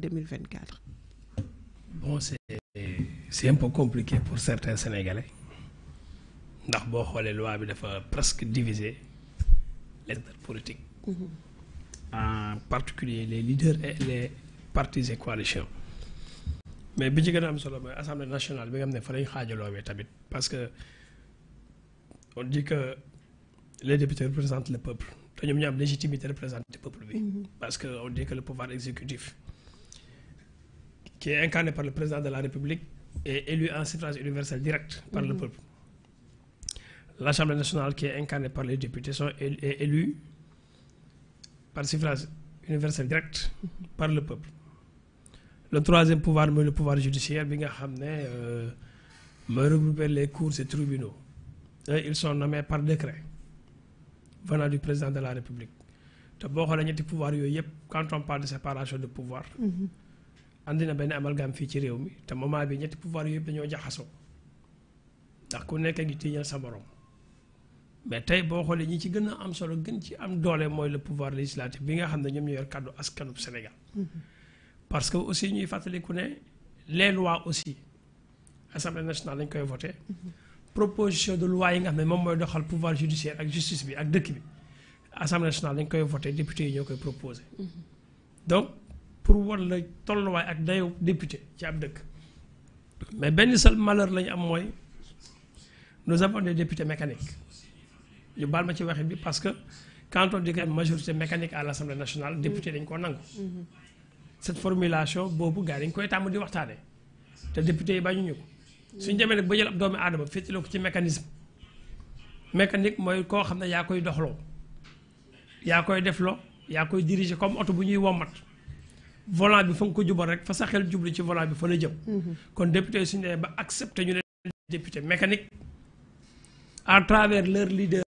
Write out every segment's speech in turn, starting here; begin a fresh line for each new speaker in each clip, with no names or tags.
2024 Bon, c'est un peu compliqué pour certains Sénégalais. D'abord, les lois loi presque divisé les politique. Mm-hmm. en particulier les leaders et les partis et coalitions. mais bi ci gën a nationale bi nga fait un parce que on dit que les députés représentent le peuple Nous avons une légitimité représenter peuple mm-hmm. parce qu'on dit que le pouvoir exécutif qui est incarné par le président de la République et élu en suffrage universel direct par le mhm. peuple. La L'Assemblée nationale, qui est incarnée par les députés, sont est élue par suffrage universel direct par le peuple. Le troisième pouvoir, le pouvoir judiciaire, bien euh, me regrouper les cours et tribunaux. ils sont nommés par décret venant du président de la République. D'abord, quand on parle de séparation de pouvoir, mhm. andi na benn amalgame fii ci réew mi te moment bi ñetti pouvoir yooyu dañoo jaxasoo ndax ku nekk ngi tiñal sa morom mais tey boo xoolee ñi ci gën a am solo gën ci am doole mooy le pouvoir législatif bi nga xam ne ñoom ñoo yor kàddu askanub Sénégal. Mm-hmm. parce que aussi ñuy fàttaliku ne les lois aussi assemblée nationale lañ koy voté. Mm-hmm. proposition de loi yi nga xam ne moom mooy doxal pouvoir judiciaire ak justice bi ak dëkk bi assemblée nationale lañ koy voté député yi ñoo koy proposé mm-hmm. pour wan la tolluwaay ak dayow député ci ab dëkk mais benn seul malheur la ñu am mooy nous avons des députés mécaniques ñu baal ma ci waxe bi parce que quand on dit que majorité mécanique à la assemblée nationale député dañ koo nangu cette formulation boobu gars yi dañ koy tàmm di waxtaane te député yi bañuñu ko suñ demee nag ba jël ab doomu aadama féetale ko ci mécanisme mécanique mooy koo xam ne yaa koy doxloo yaa koy defloo yaa koy diriger comme oto bu ñuy wommat volant bi fa nga ko jubal rek fa sa xel jublu ci volant bi fa la jëm. Mhm. kon député suñu nee ba accepté ñu ne député mécanique à travers leur leader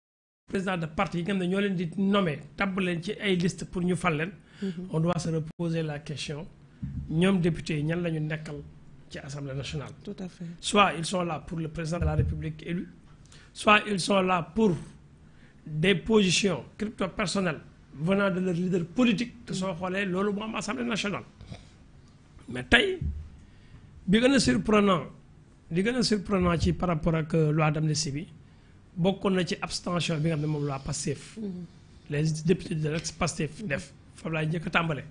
président de parti yi nga xam ne ñoo leen di nommer tabb ci ay liste pour ñu fal mhm. on doit se reposer la question ñoom député ñan la ñu nekkal ci assemblée nationale. tout à fait soit ils sont là pour le président de la république élu soit ils sont là pour des positions crypto personnelles venant de leur leader politique te soo xoolee loolu moo am assemblée nationale mais tey bi gën a surprenant li gën a surprenant ci par rapport ak euh, loi d'amnistie bi bokkoon na ci abstention bi nga xam ne moom loi Pastef mm-hmm. les députés de l'ex Pastef def foofu laay njëkk a tàmbale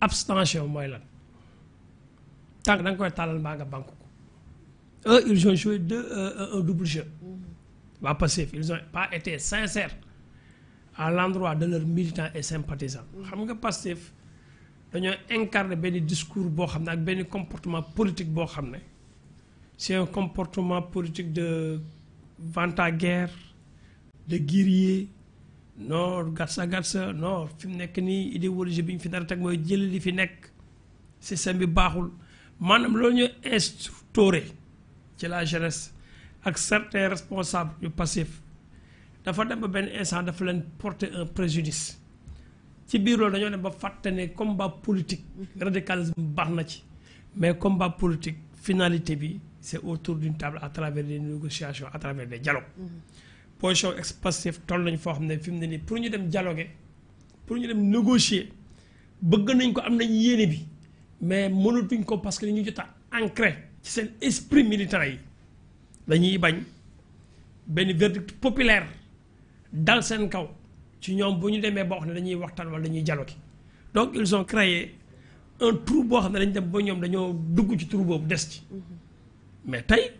abstention mooy lan tànk da nga koy tàllal mbaa nga banque ko eux ils ont joué deux euh, un double jeu waa mm-hmm. Pastef ils ont pas été sincères à l'endroit de leurs militants et sympathisants xam nga Pastef nous incarner benn discours et des ak comportement politique c'est un comportement politique de vantaguerre, de guerrier non gatsa gatsa non fi nek ni, idéologie bi ñu fi nar a teg mooy jëli li fi nekk système bi baaxul est loolu ci la jeunesse ak certains responsables yu passif dafa dem ba porter un préjudice ci biir combat politique mhm. radicalisme un ci mais combat politique finalité c'est autour d'une table à travers des négociations à travers des dialogues mhm. position pour ñu dem dialoguer pour ñu dem négocier bëgg nañ mais parce que ñu jot ancré ci seen esprit militant yi dañuy verdict populaire dans sen kaw ci ñoom bu ñu demee ba wax ne dañuy waxtaan wala dañuy dialogue donc ils ont créé un trou boo xam ne dañ dem ba ñoom dañoo dugg ci trou boobu des ci mais tey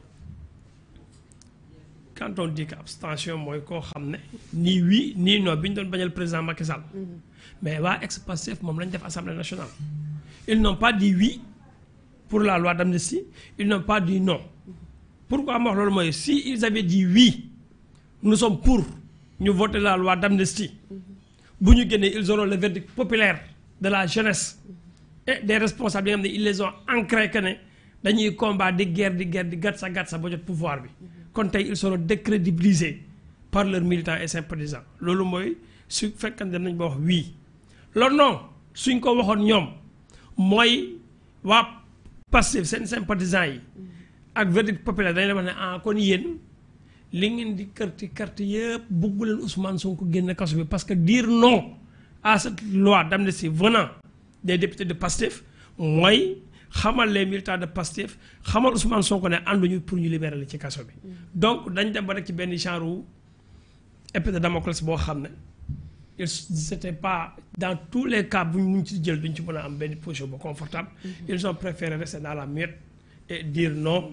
quand on dit que abstention mooy koo xam ne nii oui ni non bi ñu doon bañal président Macky Sall mais waa ex-Pastef moom lañ def assemblée nationale ils n'ont pas dit oui pour la loi d'amnistie ils n'ont pas dit non pourquoi ma wax loolu mooy si ils avaient dit oui nous sommes pour nous votons la loi d'amnistie ils auront le verdict populaire de la jeunesse et des responsables ils les ont ancrés que combat de guerre de guerre de guerre, de guerre, pouvoir bi ils seront décrédibilisés par leurs militants et sympathisants oui non suñ ko verdict populaire dañ la li ngeen di carte carte yëpp bugg Ousmane Sonko génne kaso bi parce que dire non à cette loi d'amnistie venant des députés de Pastef mooy xamal les militants de Pastef xamal Ousmane Sonko ne ànduñu pour ñu libérer ci kaso bi. Mm. donc dañ dem ba rek ci benn genre épée de Damoclès boo xam ne il c'était pas dans tous les cas bu ñu ci jël duñ ci mën a am benn position bu confortable mm-hmm. ils ont préféré rester dans la muette et dire non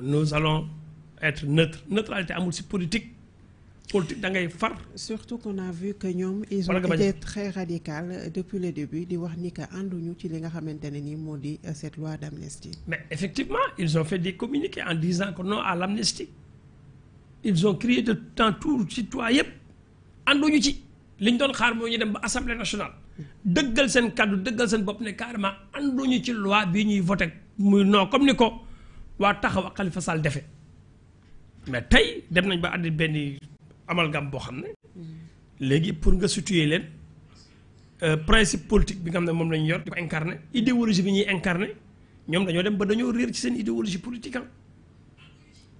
nous allons être neutre neutralité amul si politique politique da ngay far. surtout qu'on a vu que ñom ils ont été très radicaux euh, depuis le début di wax ni que ànduñu ci li nga xamante ni euh, cette loi d'amnistie. mais effectivement ils ont fait des communiqués en disant que non à l'amnistie ils ont crié de temps tout ci toit yëpp ànduñu ci liñ doon xaar moo ñu dem ba assemblée nationale. deugal sen cadre deugal sen bop ne carrément ànduñu ci loi bi ñuy voté muy non comme ni ko wa taxaw Khalifa Sall defé mais tey dem nañ ba àndi benn amalgame boo xam ne. léegi pour nga situer leen euh, principe politique bi nga xam ne moom lañu yor di ko incarné idéologie bi ñuy incarné ñoom dañoo dem ba dañoo réer ci seen idéologie politique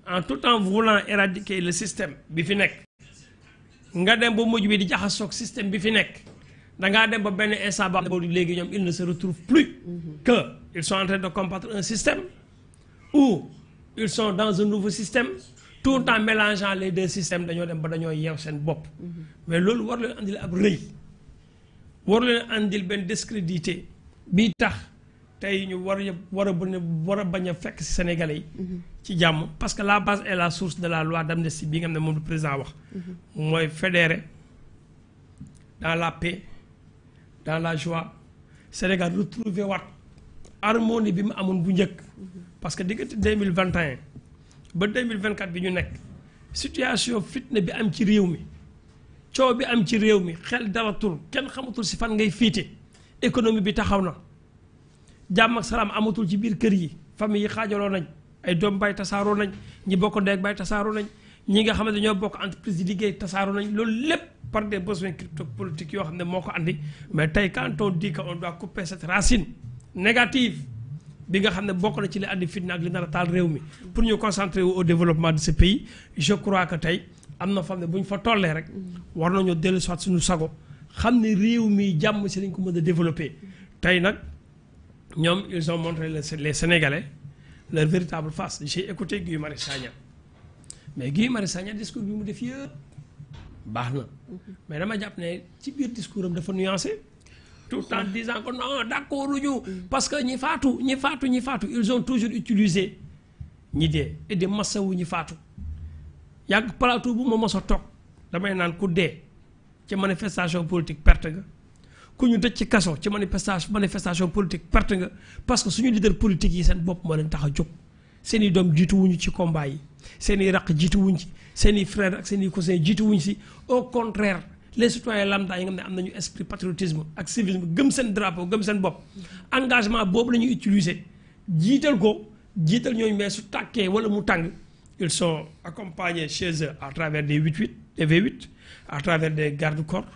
ah. en tout temps voulant éradiquer le système bi fi nekk nga dem ba mujj bi di jaxasoog système bi fi nekk dangaa dem ba benn instant ba boobu léegi ñoom ils ne se retrouvent plus que ils sont en train de combattre un système ou ils sont dans un nouveau système tout en mélangeant les deux systèmes dañoo dem ba mais ce war leen andil ab war andil discrédité bi tax ñu war Sénégalais parce que la base est la source de la loi d'amnistie bi nga xam ne moom le président wax. Mhm. dans la paix dans la joie Sénégal retrouver waat harmonie mhm. parce que diggante 2021, ba 2024 bi ñu nekk situation fitna bi am ci réew mi coow bi am ci réew mi xel dalatul kenn xamatul si fan ngay fiite économie bi taxaw na jàmm ak salaam amatul ci biir kër yi famille yi xaajaloo nañ ay doom bay tasaaroo nañ ñi bokk ndeeg bay tasaaroo nañ ñi nga xam ne dañoo bokk entreprise yi liggéey tasaaroo nañ loolu lépp par des besoins crypto yoo xam ne moo ko andi mais tey quand on dit que on doit couper cette racine bi nga xam ne bokk na ci li andi fitna ak li nar a taal réew mi pour ñu concentrer wu au développement de ce pays je crois que tey am na fam ne bu ñu fa tollee rek war nañu dellu soit suñu sago xam ne réew mi jàmm si lañ ko mën a développer tey nag ñoom ils ont montré les Sénégalais leur véritable face j'ai écouté Guy Marius Sagna mais Guy Marius Sagna discours bi mu def yëpp baax na mm-hmm. mais dama jàpp ne ci biir discours am dafa nuancé tout disant que non d'accord parce que ni faatu ñi faatu ils ont toujours utilisé ñi et de masses ñi faatu tout plateau a damay ci manifestation politique ku ñu ci kasso ci manifestation manifestation politique parce que suñu leader politique yi sen bop qui len ci combat yi frère au contraire les citoyens lambda yi nga xam esprit patriotisme ak civisme gëm seen drapeau gëm seen bopp engagement boobu la ñuy utiliser jiital ko jiital ñooñu mais su wala ils sont accompagnés chez eux à travers des 8 des V8 à travers des gardes-corps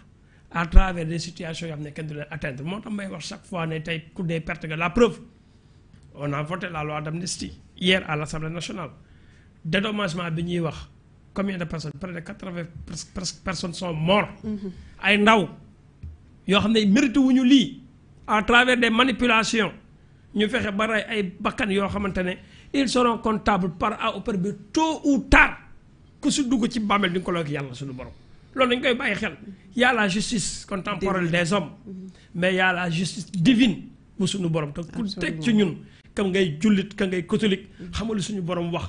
à travers des situations yoo xam ne kenn du atteindre moo may wax chaque fois ne tey coup des pertes la preuve on a voté la loi d'amnistie hier à l'Assemblée nationale dédommagement bi ñuy wax combien de personnes près de presque, presque personnes sont mortes. ay ndaw yo xam ne mérité wuñu lii à travers des manipulations ñu fexé ba ray ay bakkan yo xamantene ils seront comptables par A ou par B tôt ou tard ku su dugg ci bamel di ko loo yalla suñu borom loolu dañ koy bàyyi xel y a la justice contemporaine des hommes mais y a la justice divine bu suñu borom te ku teg ci ñun kam ngay jullit ka ngay catholique xamul suñu borom wax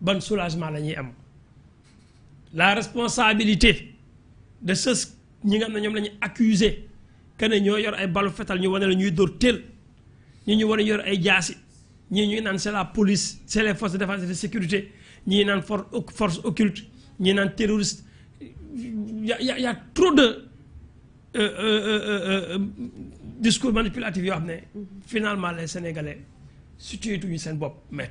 ban soulagement la la responsabilité de ceux ñi nga accusés, nous accusé que ne ñoo ay balu ñu la ñuy ñi ñu la police c'est les forces de défense et de sécurité ñi naan for force occulte ñi terroriste y a trop de euh, euh, euh, discours manipulatifs finalement les sénégalais situé tuñu mais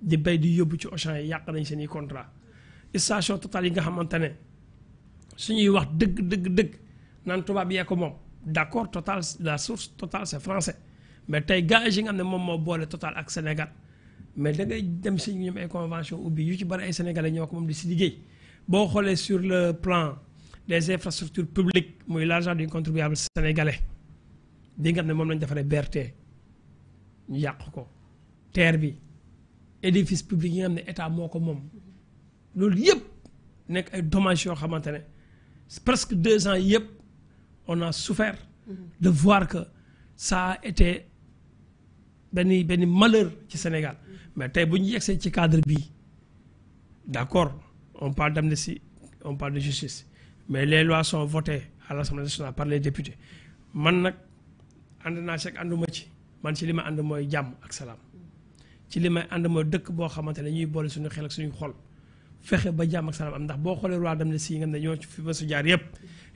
di bay di yóbbu ci Auchan yi yàq nañ seen i contrat station Total yi nga xamante ne suñuy wax dëgg dëgg dëgg naan tubaab yee ko moom d'accord Total la source Total c'est français mais tey gage yi nga xam ne moom moo boole Total ak Sénégal mais da ngay dem si ñoom ay convention ubbi yu ci bari ay sénégalais ñoo ko moom di si liggéey boo xoolee sur le plan des infrastructures publiques muy l'argent du contribuable sénégalais di nga xam ne moom lañ defaree BRT ñu yàq ko terre bi édifice public yi nga xam ne état moo ko moom loolu yëpp nekk ay presque deux ans yëpp on a souffert mm-hmm. de voir que ça a été benn malheur ci Sénégal mm-hmm. mais tey bu ñu yegsee ci cadre bii d'accord on parle d'amnistie on parle de justice mais les lois sont votées à l'Assemblée nationale par les députés man nag ànd naa ci ak ànduma ci man ci li ma ànd mooy ak salaam ci li may ànd mooy dëkk boo xamante ne ñuy boole suñu xel ak suñu xol fexe ba jàmm ak salaam am ndax boo xoolee Rwanda dem ne si nga xam ne ñoo ci fi ba su jaar yëpp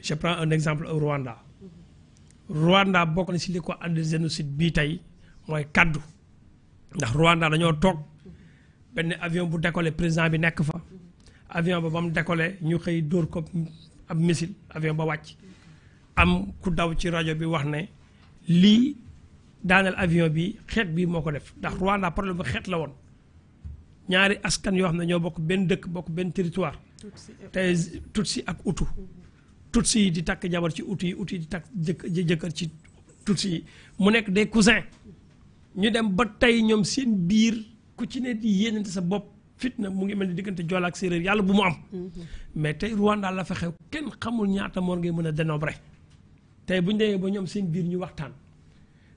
je prends un exemple au Rwanda. Rwanda bokk na si li ko ànd génocide bi tey mooy kàddu ndax Rwanda dañoo toog benn avion bu décollé président bi nekk fa. avion ba ba mu décollé ñu xëy dóor ko ab missile avion ba wàcc am ku daw ci rajo bi wax ne lii. daaneel avion bi xeet bii moo ko def ndax Rwanda problème bu xeet la woon ñaari askan yoo xam ne ñoo bokk benn dëkk bokk benn territoire. tey Tutsi ak Hutu. Tutsi yi di takk jabar ci Hutu yi Hutu yi di takk jë jëkkër ci Tutsi yi mu nekk de cousins ñu dem ba tey ñoom seen biir ku ci ne di sa bopp fitna mu ngi mel ni diggante Joola ak séréer yàlla bu mu am. Mm-hmm. mais tey Rwanda la fa xew kenn xamul ñaata moor ngay mën a dénombré tey bu ñu demee ba ñoom seen biir ñu waxtaan.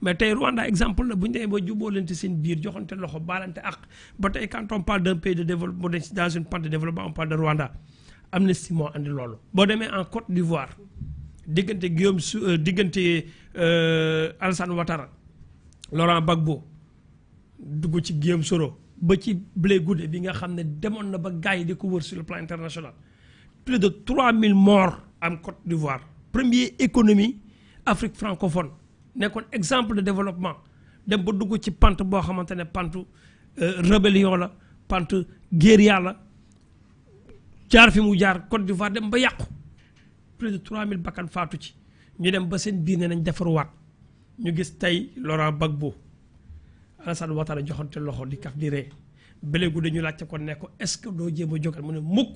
mais tey Rwanda exemple la bu ñu demee ba jubóolante seen biir joxante loxo baalante ak ba tey quand on parle d'un pays de développement dans une pente de développement on parle de Rwanda Amnesty moo andi loolu. boo demee en Côte d'Ivoire diggante Guillaume Su euh, diggante euh, Alassane Ouattara Laurent Gbagbo dugg ci Guillaume Soro ba ci Blé Goudé bi nga xam ne demoon na ba gars yi wër sur le plan international plus de 3000 morts en Côte d'Ivoire premier économie Afrique francophone. nekkoon exemple de développement dem ba dugg ci pant boo xamante ne pantu euh, rébellion la pant guérilla yàlla jaar fi mu jaar Côte d'Ivoire dem ba yàqu plus de mille bakkan faatu ci ñu dem ba seen biir ne nañ defarwaat ñu gis tey Laurent Gbagbo Alassane Ouattara joxante loxo di kaf di ree beléegu dañu laajte ko ne ko est-ce que doo jéem a jógaat mu ne mukk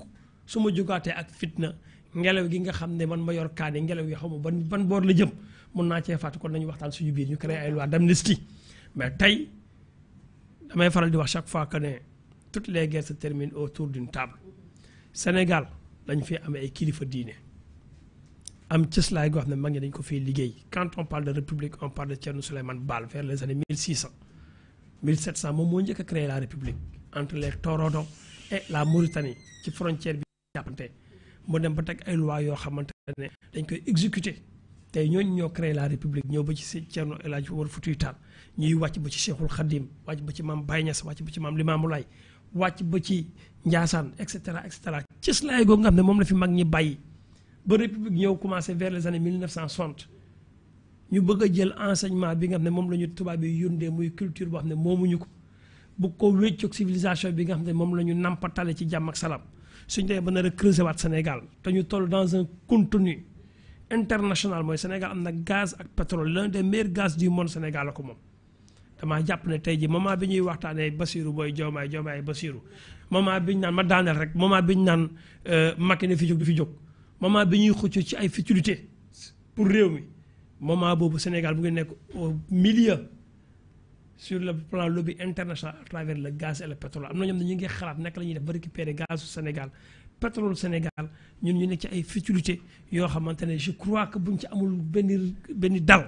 su ma jógaatee ak fitna ngelaw gi nga xam ne man ma yor kaani ngelaw yi qui ban ban boor la jëm mun naa cee fàtt kon nañu waxtaan suñu biir ñu créé ay loi d'amnistie mais tey damay faral di wax chaque fois que toutes les guerres se terminent autour d'une table Sénégal dañ fi am ay kilifa diine am cëslaay goo xam ne mag ñi dañ ko quand on parle de république on parle de Thierno Souleymane Baal vers les années 1600 1700 moom moo njëkk a créé la république entre les Torodo et la Mauritanie ci frontière bi jàppante mu dem ba teg ay loi yoo xamante ne dañ koy exécuter tey ñooñu ñoo créé la république ñëw ba ci Thierno El Hadj Omar Foutiyou Tall ñuy wàcc ba ci Cheikhul Khadim wàcc ba ci maam Baye Niass wàcc ba ci maam Limamou Laye wàcc ba ci njaasaan et cetera et cetera cëslaay googu nga xam ne moom la fi mag ñi bàyyi ba république ñëw commencé vers les années 1960 ñu bëgg a jël enseignement bi nga xam ne moom la ñu tubaab yi yóndee muy culture boo xam ne moomuñu ko bu ko wéccoog civilisation bi nga xam ne moom la ñu nampatale ci jàmm salaam suñ dee ba nar a creuser waat Sénégal te ñu toll dans un contenu international mooy Sénégal am na gaz ak pétrole l'un des meilleurs gaz du monde Sénégal la ko moom. damaa jàpp ne tey ji moment bi ñuy waxtaanee Bassirou booy Diomaye Diomaye Bassirou moment bi ñu naan ma daaneel rek moment bi ñu naan euh, Macky ne fi jóg du fi jóg moment bi ñuy xucc ci ay futilités pour réew mi moment boobu Sénégal bu ngi nekk au milieu. sur le plan lobby international à travers le gaz et le pétrole am na ñoom ñu ngi xalaat naka la ñuy def ba récupérer gaz su Sénégal pétrole Sénégal ñun ñu nekk ci ay futilité yoo xamante ne je crois que buñ ci amul benn benn dal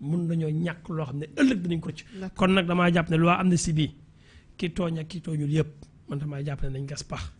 mun na ñoo ñàkk loo xam ne ëllëg dinañ ko ci. kon nag damaa jàpp ne am na si bi ki tooñ ak ki tooñul yëpp man damaa jàpp ne nañ gas pax.